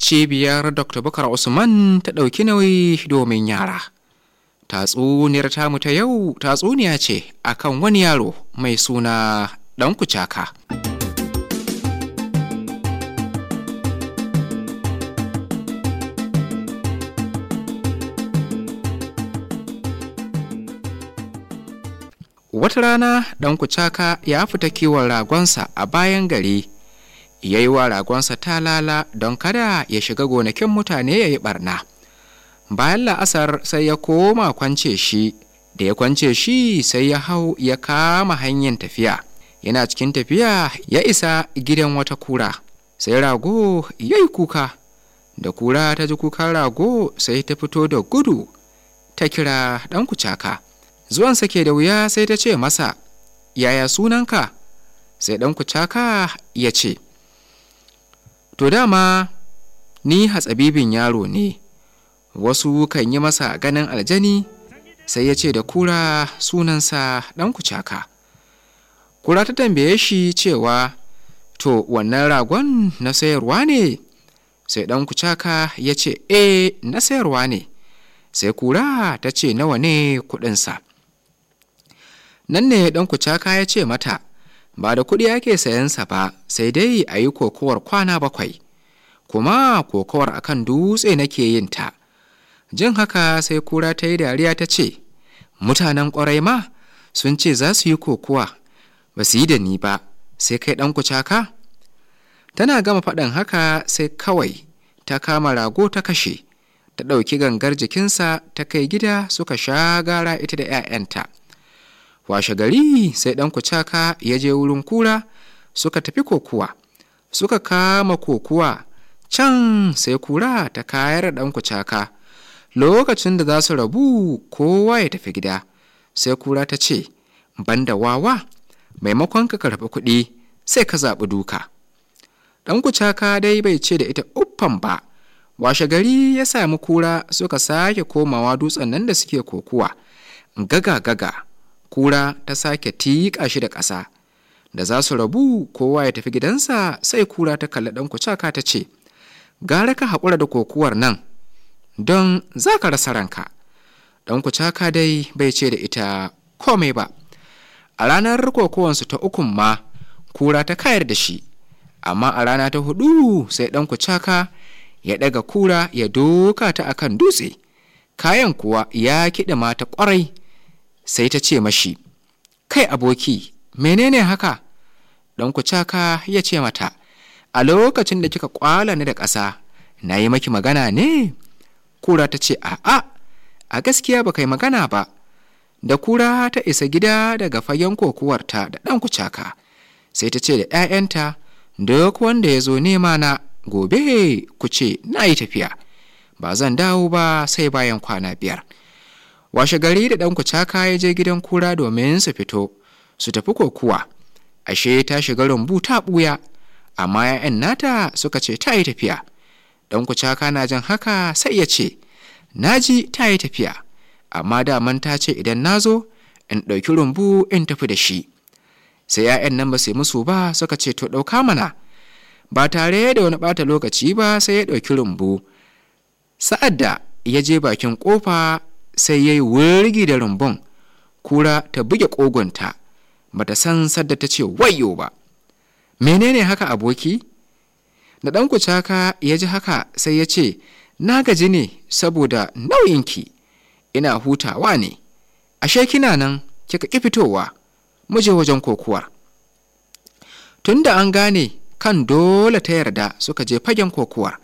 cibiyar dr bakar usman ta ɗauki nauyi domin yara tatsuniyar tamu ta yau tatsuniya ce akan wani yaro mai suna ɗan kucaka wata rana ɗan kucaka ya fita kiwon ragonsa a bayan gari ya yi wa ragonsa talala don kada ya shiga gonakin mutane ya yi barna bayan la'asar sai ya koma kwance shi da ya kwance shi sai ya hau ya kama hanyar tafiya yana cikin tafiya ya isa gidan wata kura sai rago ya yi kuka da kura ta ji kukan rago sai ta fito da gudu ta kira ɗan kucaka zuwan sake da wuya sai ta ce masa yaya sunanka sai ɗan kucaka ya ce to dama ni hatsabibin yaro ne wasu kan yi masa ganin aljani sai ya ce da kura sunansa ɗan kucaka kura ta tambaye shi cewa to wannan ragon na sayarwa ne sai ɗan kucaka ya ce e na sayarwa ne sai kura ta ce nawa ne kuɗinsa nan ne ɗan kucaka ya ce mata ba da kuɗi ake sayansa ba sai dai a yi kokowar kwana bakwai kuma kokowar akan dutse nake yin ta jin haka sai kura ta yi dariya ta ce mutanen ƙwarai ma sun ce za su yi kokowa ba su yi da ni ba sai kai ɗan kucaka tana gama faɗin haka sai kawai ta kama rago ta kashe ta ɗauki gangar jikinsa ta kai gida suka sha gara ita da 'ya'yanta washe gari sai ɗan kucaka ya je wurin kura suka tafi kokuwa suka kama kokuwa can sai kura ta kayar ɗan kucaka lokacin da za su rabu kowa ya tafi gida sai kura ta ce banda wawa maimakon ka karɓi kuɗi sai ka zaɓi duka ɗan kucaka dai bai ce da ita uffan ba washe gari ya sami kura suka sake komawa dutsen nan da suke kokuwa gaga gaga kura ta sake tiƙa shi da ƙasa da za su rabu kowa ya tafi gidansa sai kura ta kalla ɗan kucaka ta ce gara ka haƙura da kokuwar nan don za ka rasa ranka ɗan kucaka dai bai ce da ita komai ba a ranar kokowansu ta ukun ma kura ta kayar da shi amma a rana ta hudu sai ɗan kucaka ya ɗaga kura ya doka ta akan dutse kayan kuwa ya kiɗa mata ƙwarai sai ta ce mashi kai aboki menene haka don ku caka ya ce mata a lokacin da kika kwala ni da ƙasa na yi maki magana ne kura ta ce a'a a gaskiya ba kai magana ba da kura ta isa gida daga fagen kokuwarta da ɗan kucaka sai ta ce da 'ya'yanta duk wanda ya zo nema na gobe ku ce na yi tafiya ba zan dawo ba sai bayan kwana biyar washe gari da ɗan kucaka ya je gidan kura domin su fito su tafi kokuwa ashe ta shiga rumbu ta ɓuya amma 'ya'yan nata suka ce ta yi tafiya ɗan kucaka na jan haka sai ya ce naji ta yi tafiya amma daman ta ce idan na zo in ɗauki rumbu in tafi da shi sai 'ya'yan nan ba su musu ba suka ce to ɗauka mana ba tare da wani ɓata lokaci ba sai ya ɗauki rumbu sa'ad da ya je bakin ƙofa sai ya yi wurgi da rumbun kura ta buge ƙogonta ba ta san sadda ta ce wayo ba menene haka aboki da ɗan kucaka ya ji haka sai ya ce na gaji ne saboda nauyinki ina hutawa ne ashe kina nan kika ƙi fitowa muje wajen kokuwar da an gane kan dole ta yarda suka je fagen kokuwar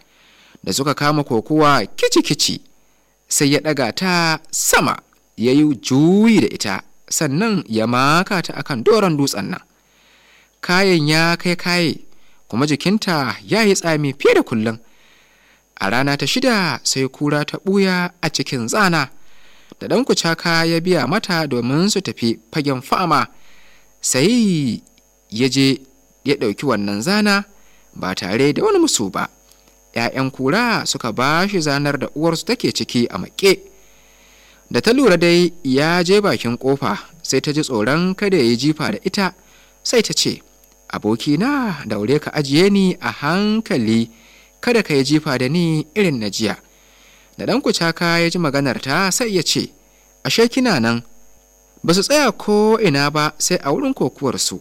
da suka kama kokuwa kici-kici sai ya ɗaga ta sama ya yi juyi da ita sannan ya maka ta akan doron dutsen nan kayan ya kai kaye kuma jikinta ya yi tsami fiye da kullum a rana ta shida sai kura ta ɓuya a cikin zana da ɗan kucaka ya biya mata domin su tafi fagen fama sai ya je ya ɗauki wannan zana ba tare da wani musu ba 'ya'yan kura suka ba shi zanar da uwarsu take ciki a maƙe da ta lura dai ya je bakin ƙofa sai ta ji tsoron kada ya yi jifa da ita sai ta ce abokina daure ka ajiye ni a hankali kada ka yi jifa da ni irin na jiya da ɗan kucaka ya ji maganar ta sai ya ce ashe kina nan ba su tsaya ko ina ba sai a wurin kokuwarsu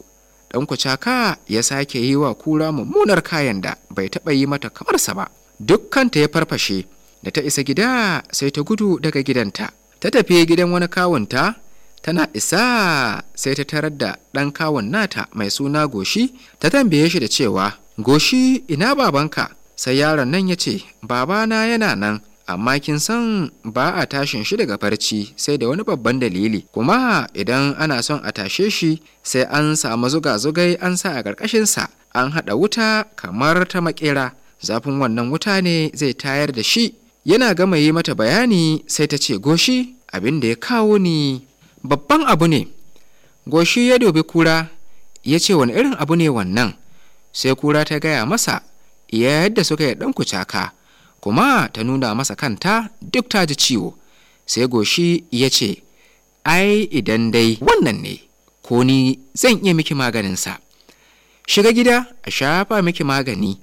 Ɗan kucaka ya sake yi wa kura mummunar kayan da bai taɓa yi mata kamarsa ba dukkanta ya farfashe da ta isa gida sai ta gudu daga gidanta ta tafi gidan wani kawunta tana isa sai ta tarar da ɗan kawun nata mai suna goshi ta tambaye shi da cewa goshi ina babanka sai yaron nan ya ce babana yana nan amma kin san ba a tashin shi daga farci sai da wani babban dalili kuma idan ana son a tashe shi sai an samu zuga-zugai an sa a ƙarƙashinsa an haɗa wuta kamar ta makera zafin wannan wuta ne zai tayar da shi yana gama yi mata bayani sai ta ce goshi abin da ya kawo ni babban abu ne goshi ya dobi kura ya ce wani irin abu ne wannan sai kura ta gaya masa iya yadda suka yi ɗan kucaka kuma ta nuna masa kanta duk ta ji ciwo sai goshi ya ce ai idan dai wannan ne ko ni zan iya miki maganinsa shiga gida a shafa miki magani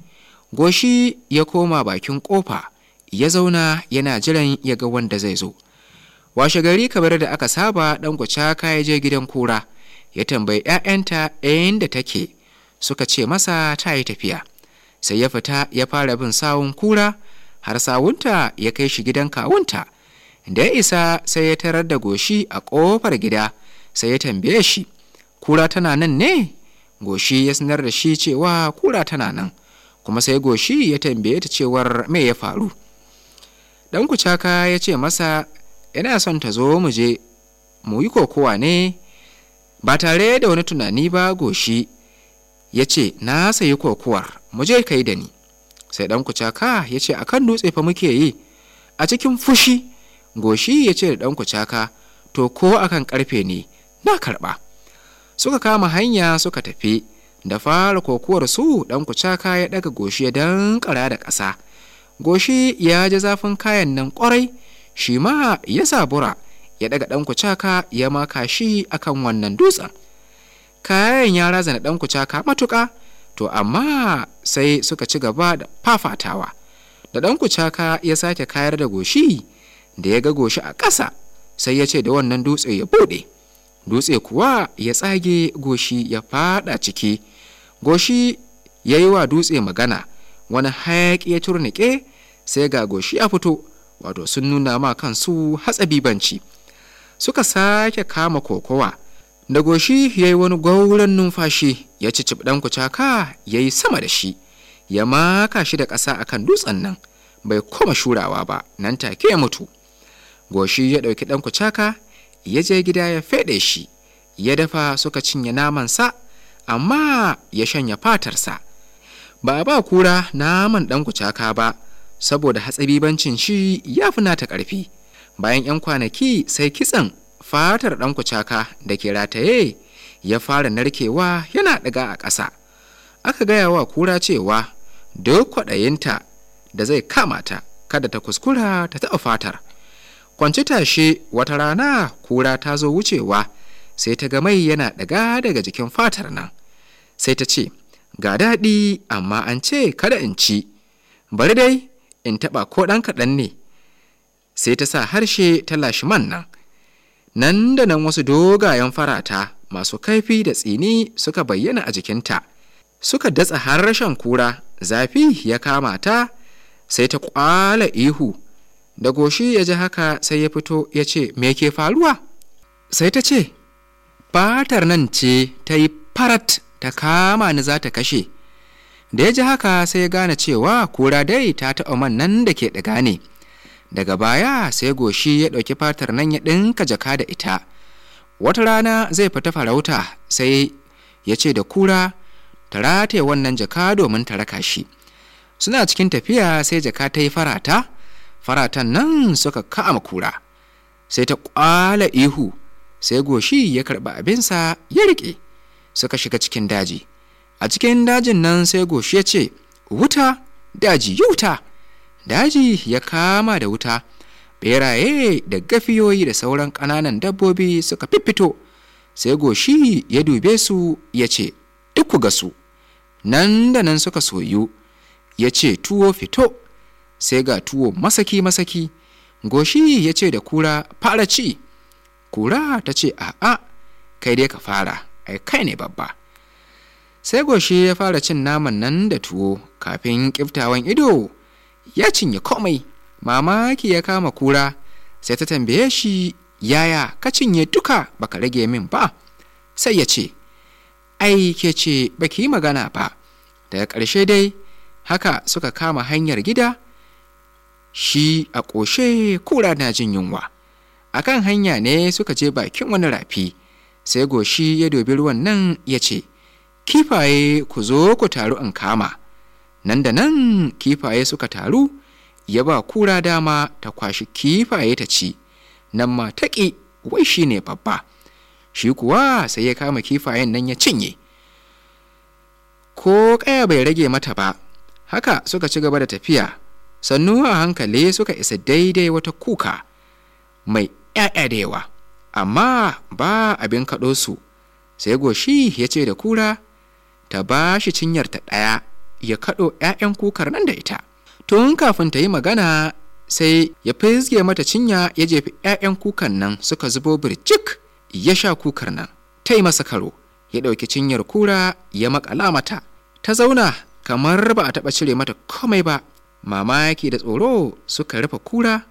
goshi ya koma bakin kofa ya zauna yana jiran ya ga wanda zai zo washe gari kamar da aka saba dan ka ya je gidan kura ya tambayi 'ya'yanta da take suka ce masa ta yi tafiya sai ya fita ya fara bin sawun kura har sawunta ya kai shi gidan kawunta da ya isa sai ya tarar da goshi a ƙofar gida sai ya tambaye shi kura tana nan ne goshi ya sanar da shi cewa kura tana nan kuma sai goshi ya tambaye ta cewar me ya faru dan kucaka ya ce masa yana son ta zo mu je mu yi kokowa ne ba tare da wani tunani ba goshi ya ce na sayi kokowar mu je kai da ni sai ɗan kucaka ya ce a kan dutse fa muke yi a cikin fushi goshi ya ce da ɗan kucaka to ko akan karfe ne na karɓa suka kama hanya suka tafi da fara kokuwar su ɗan kucaka ya ɗaga goshi ya dankara da ƙasa goshi ya ji zafin kayan nan ƙwarai shi ma ya sabura ya ɗaga ɗan kucaka ya maka shi akan wannan dutsen kayan ya razana ɗan kucaka matuƙa to amma sai suka ci gaba da fafatawa da ɗan kucaka ya sake kayar da goshi da ya ga goshi a ƙasa sai ya ce da wannan dutse ya buɗe dutse kuwa ya tsage goshi ya fada ciki goshi ya yi wa dutse magana wani hayaƙi ya turnike sai ga goshi ya fito wato sun nuna ma kansu hatsabibanci suka sake kama kokowa da goshi ya yi wani gwauron numfashi ya ci ɗan kucaka ya yi sama da shi ya maka shi da ƙasa a kan dutsen nan bai koma shurawa ba nan take ya mutu goshi ya ɗauki ɗan kucaka ya je gida ya feɗe shi ya dafa suka cinye namansa amma ya shanya fatarsa ba a ba kura naman ɗan kucaka ba saboda bancin shi ya fi nata ƙarfi bayan 'yan kwanaki sai kitsan fatar ɗan kucaka da ke rataye ya fara narkewa yana ɗiga a ƙasa aka gaya wa kura cewa duk kwaɗayinta da zai kama ta kada ta kuskura ta taɓa fatar kwanci tashe wata rana kura ta zo wucewa sai ta ga mai yana ɗaga daga jikin fatar nan sai ta ce ga daɗi amma an ce kada in ci bari dai in taɓa ko ɗan kaɗan ne sai ta sa harshe ta lashi man nan nan da nan wasu dogayen farata masu kaifi da tsini suka bayyana a jikinta suka datsa har rashin kura zafi ya kama ta sai ta kwala ihu da goshi ya ji haka sai ya fito ya ce me ke faruwa sai ta ce fatar nan ce ta yi farat ta kama ni za ta kashe da ya ji haka sai ya gane cewa kura dai ta taɓa man nan da ke ɗiga ne daga baya sai goshi ya ɗauki fatar nan ya ɗinka jaka da ita wata rana zai fita farauta sai ya ce da kura ta rataye wannan jaka domin ta raka shi suna cikin tafiya sai jaka ta yi farata faratan nan suka ka'ama kura sai ta ƙwala ihu sai goshi ya karɓi abinsa ya riƙe suka shiga cikin daji a cikin dajin nan sai goshi ya ce wuta daji wuta!" daji ya kama da wuta beraye da gafiyoyi da sauran ƙananan dabbobi suka fiffito sai goshi ya dube su ya ce duk ga su nan da nan suka soyu ya ce tuwo fito sai ga tuwo masaki-masaki goshi ya ce da kura fara ci kura ta ce a'a kai dai ka fara ai kai ne babba sai goshi ya fara cin naman nan da tuwo kafin kiftawan ido ya cinye komai mamaki ya kama kura sai ta tambaye shi yaya ka cinye duka baka rage min ba sai ya ce ai ke ce baki yi magana ba daga ƙarshe dai haka suka kama hanyar gida shi a ƙoshe kura na jin yunwa a kan hanya ne suka je bakin wani rafi sai goshi ya dobi ruwan nan ya ce kifaye ku zo ku taru in kama nan da nan kifaye suka taru ya ba kura dama ta kwashi kifaye ta ci nan ma taƙi wai shi ne babba shi kuwa sai ya kama kifayen nan ya cinye ko ƙaya bai rage mata ba haka suka ci gaba da tafiya sannu a hankali suka isa daidai wata kuka mai ‘ya'ya da yawa amma ba abin kaɗo su sai goshi ya ce da kura ta ba shi cinyar ta ɗaya ya kaɗo 'ya'yan kukar nan da ita tun kafin ta yi magana sai ya fizge mata cinya ya jefi 'ya'yan kukan nan suka zubo birjik ya sha kukar nan ta yi masa karo ya ɗauki cinyar kura ya makala mata ta zauna kamar ba a taɓa cire mata komai ba mamaki da tsoro suka rufe kura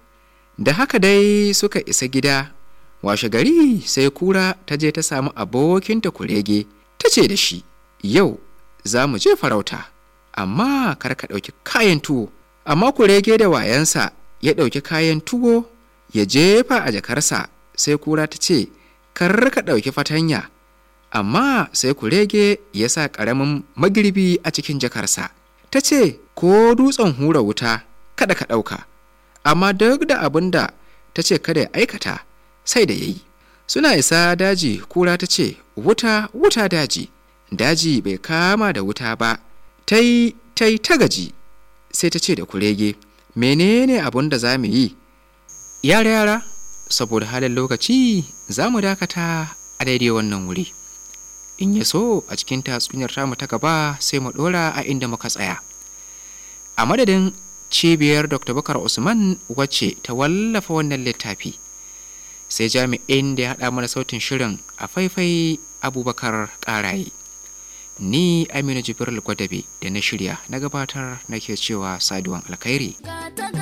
da haka dai suka isa gida washe gari sai kura ta je ta samu abokinta kurege ta ce da shi yau za mu je farauta amma kar ka ɗauki kayan tuwo amma kurege da wayansa ya ɗauki kayan tuwo ya jefa a jakarsa sai kura ta ce kar ka ɗauki fatanya amma sai kurege ya sa ƙaramin magirbi a cikin jakarsa ta ce ko dutsen hura wuta kada ka ɗauka amma duk da abin da ta ce kada ya aikata sai da ya yi suna isa daji kura ta ce wuta wuta daji daji bai kama da wuta ba ta yi ta gaji sai ta ce da kurege menene abun da za mu yi yara yara saboda halin lokaci za mu dakata a daidai wannan wuri in ya so a cikin tatsuniyar tamu ta gaba sai mu ɗora a inda muka tsaya a madadin cibiyar dr bakar usman wacce ta wallafa wannan littafi sai jami'in da ya haɗa mana sautin shirin a faifai abubakar ƙaraye ni amina jibril kwadabi da na shirya na gabatar nake cewa saduwan alkhairi